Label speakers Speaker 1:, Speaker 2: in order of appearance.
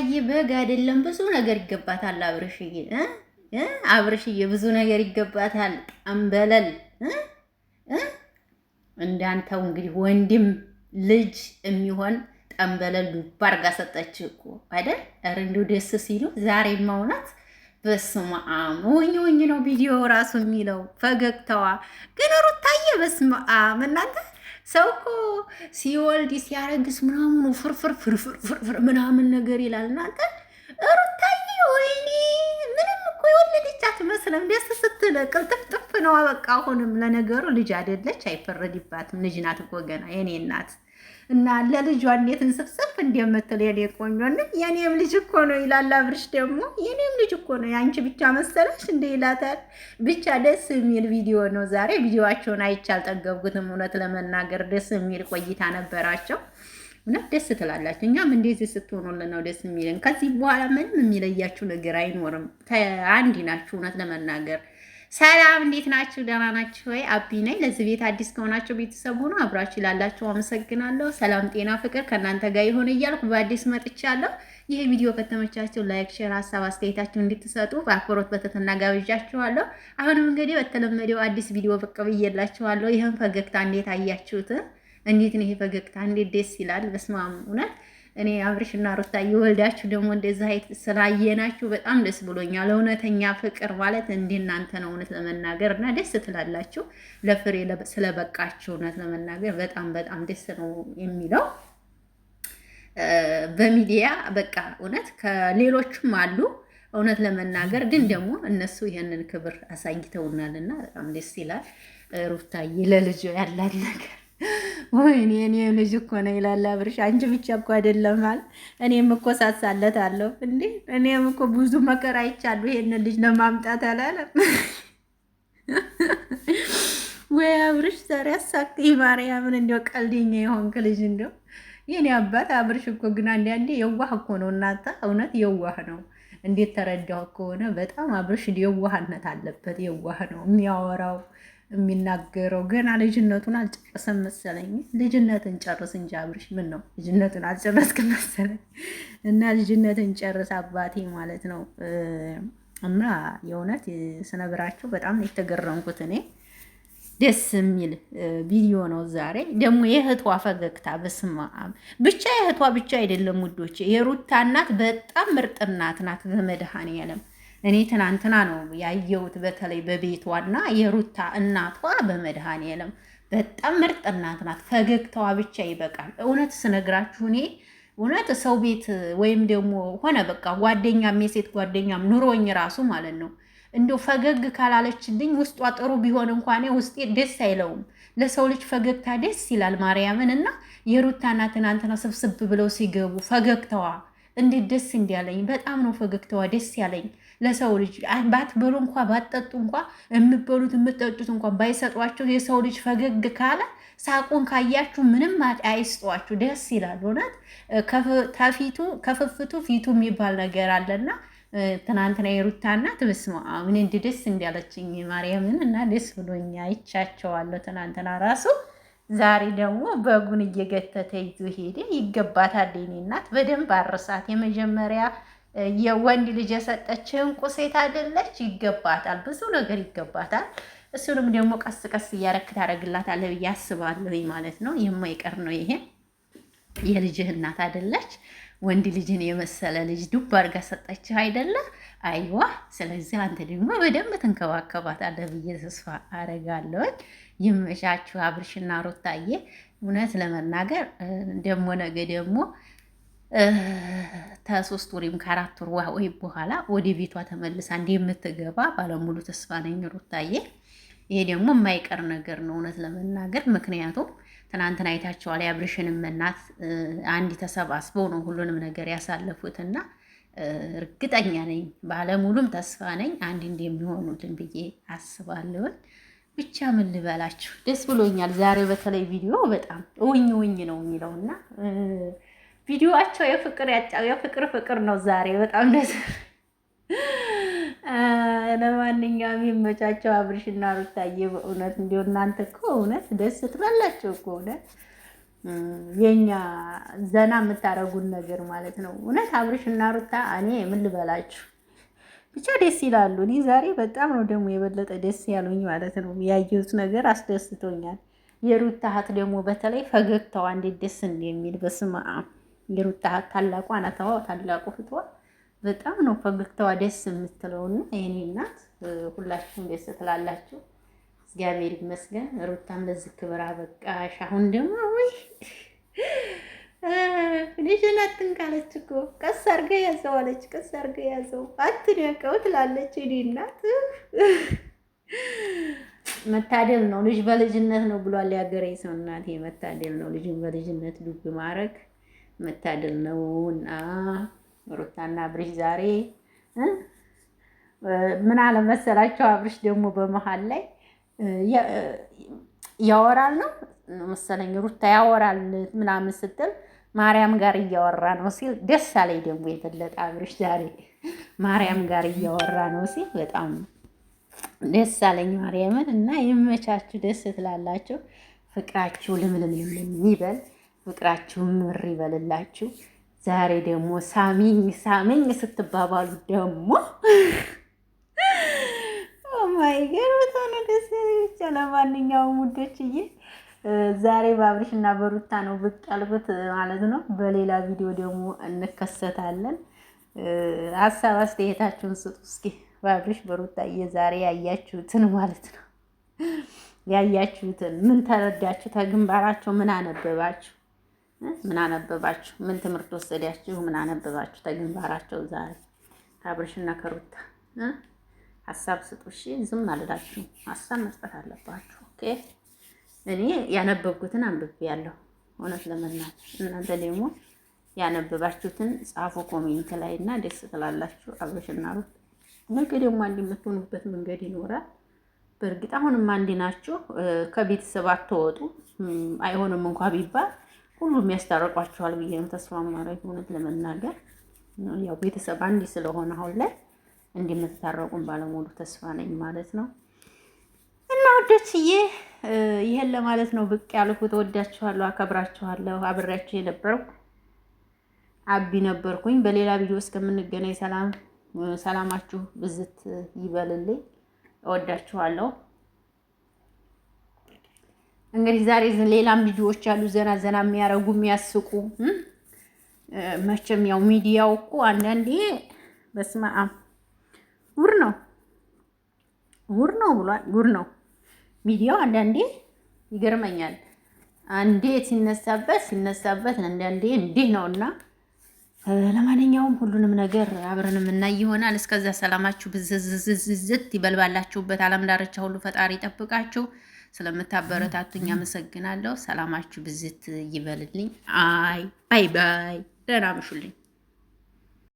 Speaker 1: ሩታዬ በግ አይደለም ብዙ ነገር ይገባታል። አብርሽዬ አብርሽዬ ብዙ ነገር ይገባታል። አንበለል እ እ እንዳንተው እንግዲህ ወንድም ልጅ የሚሆን ጠንበለል ዱባ አድርጋ ሰጠች እኮ አይደል? ኧረ እንዲሁ ደስ ሲሉ ዛሬ ማውናት በስመ አብ ወኝ ወኝ ነው ቪዲዮ ራሱ የሚለው ፈገግታዋ ግን ሩታዬ በስመ አብ እናንተ ሰው እኮ ሲወልድ ሲያረግስ ምናምኑ ፍርፍር ፍርፍር ምናምን ነገር ይላል። እናንተ ሩታዬ ወይኔ ምንም እኮ የወለደች አትመስልም። ደስ ስትለቅል ጥፍጥፍ ነው። በቃ አሁንም ለነገሩ ልጅ አይደለች፣ አይፈረድባትም። ልጅ ናት እኮ ገና የኔ እናት እና ለልጇ እንዴት እንስፍስፍ እንደምትል የኔ ቆንጆ የኔም ልጅ እኮ ነው ይላል። አብርሽ ደግሞ የኔም ልጅ እኮ ነው ያንቺ ብቻ መሰለሽ እንደ ይላታል። ብቻ ደስ የሚል ቪዲዮ ነው ዛሬ። ቪዲዮዋቸውን አይቼ አልጠገብኩትም እውነት ለመናገር ደስ የሚል ቆይታ ነበራቸው። እውነት ደስ ትላላችሁ። እኛም እንደዚህ ስትሆኑልን ነው ደስ የሚልን። ከዚህ በኋላ ምንም የሚለያችሁ ነገር አይኖርም። አንድ ናችሁ እውነት ለመናገር ሰላም እንዴት ናችሁ? ደህና ናችሁ ወይ? አቢ ነኝ። ለዚህ ቤት አዲስ ከሆናችሁ ቤተሰብ ሆኖ አብራችሁ ላላችሁ አመሰግናለሁ። ሰላም ጤና፣ ፍቅር ከእናንተ ጋር ይሆን እያልኩ በአዲስ መጥቻለሁ። ይህ ቪዲዮ ከተመቻችሁ ላይክ፣ ሼር፣ ሀሳብ አስተያየታችሁ እንድትሰጡ በአክብሮት በትህትና ጋብዣችኋለሁ። አሁንም እንግዲህ በተለመደው አዲስ ቪዲዮ ብቅ ብዬላችኋለሁ። ይህን ፈገግታ እንዴት አያችሁት? እንዴት ነው ይሄ ፈገግታ? እንዴት ደስ ይላል! በስማም እውነት እኔ አብርሽ እና ሩታ የወልዳችሁ ደግሞ እንደዛ አይነት ስላየናችሁ በጣም ደስ ብሎኛል። እውነተኛ ፍቅር ማለት እንደናንተ ነው እውነት ለመናገር እና ደስ ትላላችሁ። ለፍሬ ስለበቃችሁ እውነት ለመናገር በጣም በጣም ደስ ነው የሚለው በሚዲያ በቃ እውነት ከሌሎችም አሉ እውነት ለመናገር ግን ደግሞ እነሱ ይህንን ክብር አሳይተውናል እና በጣም ደስ ይላል። ሩታዬ ለልጆ ያላት ነገር ወይኔ እኔ ልጅ እኮ ነው ይላል አብርሽ። አንቺ ብቻ እኮ አይደለም አለ እኔም እኮ ሳሳለታለሁ እንዴ እኔም እኮ ብዙ መከራ ይቻሉ ይሄን ልጅ ለማምጣት አላለም ወይ አብርሽ? ዛሬ አሳክ ማርያምን እንዲያው ቀልደኛ የሆንክ ልጅ እንዲያው የኔ አባት አብርሽ እኮ ግን አንዳንዴ የዋህ እኮ ነው እናታ፣ እውነት የዋህ ነው። እንዴት ተረዳሁ ከሆነ በጣም አብርሽ የዋህነት አለበት። የዋህ ነው የሚያወራው የሚናገረው ገና ልጅነቱን አልጨረሰም መሰለኝ። ልጅነትን ጨርስ እንጂ አብርሽ፣ ምን ነው ልጅነቱን አልጨረስክ መሰለኝ። እና ልጅነትን ጨርስ አባቴ ማለት ነው። እና የእውነት ስነግራቸው በጣም የተገረምኩት እኔ ደስ የሚል ቪዲዮ ነው። ዛሬ ደግሞ የእህቷ ፈገግታ በስማ ብቻ የእህቷ ብቻ አይደለም ውዶች፣ የሩታ እናት በጣም ምርጥ እናት ናት። በመድኃኔዓለም እኔ ትናንትና ነው ያየሁት፣ በተለይ በቤቷና የሩታ እናቷ በመድኃኔዓለም በጣም ምርጥ እናት ናት። ፈገግታዋ ብቻ ይበቃል። እውነት ስነግራችሁ እኔ እውነት ሰው ቤት ወይም ደግሞ ሆነ በቃ ጓደኛም የሴት ጓደኛም ኑሮኝ ራሱ ማለት ነው እንደ ፈገግ ካላለችልኝ ውስጧ ጥሩ ቢሆን እንኳን ውስጤ ደስ አይለውም። ለሰው ልጅ ፈገግታ ደስ ይላል። ማርያምን እና የሩታና ትናንትና ስብስብ ብለው ሲገቡ ፈገግታዋ እንዴት ደስ እንዲያለኝ በጣም ነው ፈገግታዋ ደስ ያለኝ። ለሰው ልጅ ባትበሉ እንኳ ባትጠጡ እንኳ የምበሉት የምጠጡት እንኳ ባይሰጧቸው የሰው ልጅ ፈገግ ካለ ሳቁን ካያችሁ ምንም አይስጧችሁ፣ ደስ ይላል። እውነት ከፊቱ ከፍፍቱ ፊቱ የሚባል ነገር አለና ትናንትና የሩታ እናት በስመ አብ እንዲ ደስ እንዲያለችኝ ማርያምን እና ደስ ብሎኛ አይቻቸዋለሁ። ትናንትና ራሱ ዛሬ ደግሞ በጉን እየገተተ ይዞ ሄደ። ይገባታል የኔ እናት በደንብ አርሳት የመጀመሪያ የወንድ ልጅ የሰጠችህ እንቁ ሴት አይደለች? ይገባታል፣ ብዙ ነገር ይገባታል። እሱንም ደግሞ ቀስ ቀስ እያረክ ታደርግላታለህ ብዬ አስባለሁኝ ማለት ነው። የማይቀር ነው ይሄ። የልጅህ እናት አይደለች? ወንድ ልጅን የመሰለ ልጅ ዱብ አድርጋ ሰጠችህ አይደለ? አይዋ። ስለዚህ አንተ ደግሞ በደንብ ትንከባከባታለህ ብዬ ተስፋ አደርጋለሁኝ። ይመቻችሁ አብርሽና ሩታዬ። እውነት ለመናገር ደግሞ ነገ ደግሞ ከሶስት ወይም ከአራት ወር ወይ በኋላ ወደ ቤቷ ተመልሳ እንደምትገባ ባለሙሉ ተስፋ ነኝ ሩታዬ። ይሄ ደግሞ የማይቀር ነገር ነው እውነት ለመናገር ምክንያቱም ትናንትና አይታቸዋል። የአብርሽንም እናት አንድ ተሰባስበው ነው ሁሉንም ነገር ያሳለፉትና እርግጠኛ ነኝ ባለሙሉም ተስፋ ነኝ አንድ እንደሚሆኑልን ብዬ አስባለሁኝ። ብቻ ምን ልበላችሁ ደስ ብሎኛል። ዛሬ በተለይ ቪዲዮ በጣም እውኝ ውኝ ነው የሚለውና ቪዲዮአቸው የፍቅር ያጫው የፍቅር ፍቅር ነው ዛሬ በጣም ደስ ለማንኛውም የሚመቻቸው አብርሽና ሩታዬ በእውነት እንዲሁ እናንተ እኮ እውነት ደስ ትላላችሁ እኮ እውነት የኛ ዘና የምታደርጉን ነገር ማለት ነው። እውነት አብርሽና ሩታ እኔ ምን ልበላችሁ ብቻ ደስ ይላሉ። እኔ ዛሬ በጣም ነው ደግሞ የበለጠ ደስ ያሉኝ ማለት ነው። ያየሁት ነገር አስደስቶኛል። የሩታ እህት ደግሞ በተለይ ፈገግታዋ እንዴት ደስ እንደሚል በስመ አብ የሩታ ታላቋ አናተዋ ታላቁ ፍትዋ በጣም ነው ፈገግታዋ ደስ የምትለውና የኔ እናት ሁላችሁም ደስ ትላላችሁ። እግዚአብሔር ይመስገን። ሩታም ለዚህ ክብር አበቃሽ። አሁን ደግሞ ወይ ልጅን አትንካለች እኮ ቀስ አርገ ያዘው አለች። ቀስ አርገ ያዘው ትላለች። እኔ እናት መታደል ነው ልጅ በልጅነት ነው ብሏል ያገሬ ሰው። እናቴ መታደል ነው ልጅን በልጅነት ዱብ ማረግ መታደል ነው እና ሩታና አብርሽ ዛሬ ምን አለ መሰላቸው? አብርሽ ደግሞ በመሀል ላይ ያወራል ነው መሰለኝ። ሩታ ያወራል ምናምን ስትል ማርያም ጋር እያወራ ነው ሲል ደስ አለኝ። ደግሞ የበለጠ አብርሽ ዛሬ ማርያም ጋር እያወራ ነው ሲል በጣም ደስ አለኝ ማርያምን። እና ይመቻችሁ፣ ደስ ትላላችሁ፣ ፍቅራችሁ ልምልምልም ይበል። ፍቅራችሁ ምር ይበልላችሁ። ዛሬ ደግሞ ሳሚኝ ሳሚኝ ስትባባሉ ደግሞ ማይገር በጣም ደስ ብቻ። ለማንኛውም ውዶችዬ ዛሬ በአብርሽ እና በሩታ ነው ብቅ ያልኩት ማለት ነው። በሌላ ቪዲዮ ደግሞ እንከሰታለን። ሀሳብ አስተያየታችሁን ስጡ እስኪ በአብርሽ በሩታዬ ዛሬ ያያችሁትን ማለት ነው ያያችሁትን ምን ተረዳችሁ? ተግንባራቸው ምን አነበባችሁ? ምን አነበባችሁ? ምን ትምህርት ወሰዳችሁ? ምን አነበባችሁ? ተግንባራቸው ዛሬ ከአብርሽና ከሩታ ሀሳብ ስጡ። እሺ ዝም አልላችሁ፣ ሀሳብ መስጠት አለባችሁ። ኦኬ እኔ ያነበብኩትን አንብቤ ያለሁ እውነት ለመናገር እናንተ ደግሞ ያነበባችሁትን ጻፉ ኮሜንት ላይ እና ደስ ትላላችሁ። አብርሽና ሩት ነገ ደግሞ አንድ የምትሆኑበት መንገድ ይኖራል። በእርግጥ አሁንም አንድ ናችሁ። ከቤተሰብ አትወጡ አይሆንም እንኳ ቢባል ሁሉም ያስታርቋቸዋል ብዬ ነው ተስፋ ማድረግ እውነት ለመናገር ያው ቤተሰብ አንድ ስለሆነ አሁን ላይ እንደምትታረቁም ባለሙሉ ተስፋ ነኝ ማለት ነው። እና ወደችዬ ይሄን ለማለት ነው ብቅ ያልኩት። ወዳችኋለሁ፣ አከብራችኋለሁ። አብሬያችሁ የነበርኩ አቢ ነበርኩኝ። በሌላ ቪዲዮ እስከምንገናኝ ሰላም ሰላማችሁ ብዝት ይበልልኝ። እወዳችኋለሁ። እንግዲህ ዛሬ ሌላም ልጆች አሉ ዘና ዘና የሚያረጉ የሚያስቁ። መቼም ያው ሚዲያው እኮ አንዳንዴ በስመ አብ ጉር ነው ጉር ነው ብሏል። ጉር ነው ሚዲያው አንዳንዴ ይገርመኛል። አንዴ ሲነሳበት ሲነሳበት አንዳንዴ እንዲህ ነው እና ለማንኛውም ሁሉንም ነገር አብረን የምናይ ይሆናል። እስከዛ ሰላማችሁ ብዝዝዝዝት ይበልባላችሁበት። አለም ዳርቻ ሁሉ ፈጣሪ ይጠብቃችሁ። ስለምታበረታቱኝ አመሰግናለሁ። ሰላማችሁ ብዝት ይበልልኝ። አይ ባይ ባይ። ደህና ምሹልኝ።